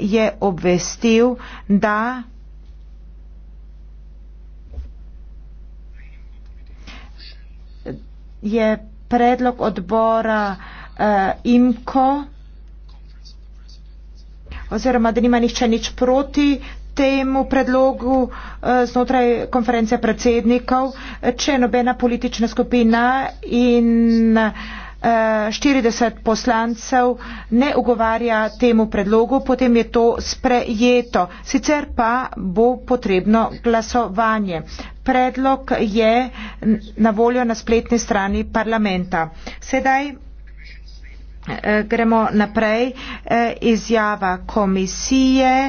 je obvestil, da je predlog odbora uh, IMKO oziroma da nima nihče nič proti temu predlogu eh, znotraj konference predsednikov, če nobena politična skupina in uh, 40 poslancev ne ugovarja temu predlogu, potem je to sprejeto. Sicer pa bo potrebno glasovanje. Predlog je na voljo na spletni strani parlamenta. Sedaj eh, gremo naprej. Eh, izjava komisije.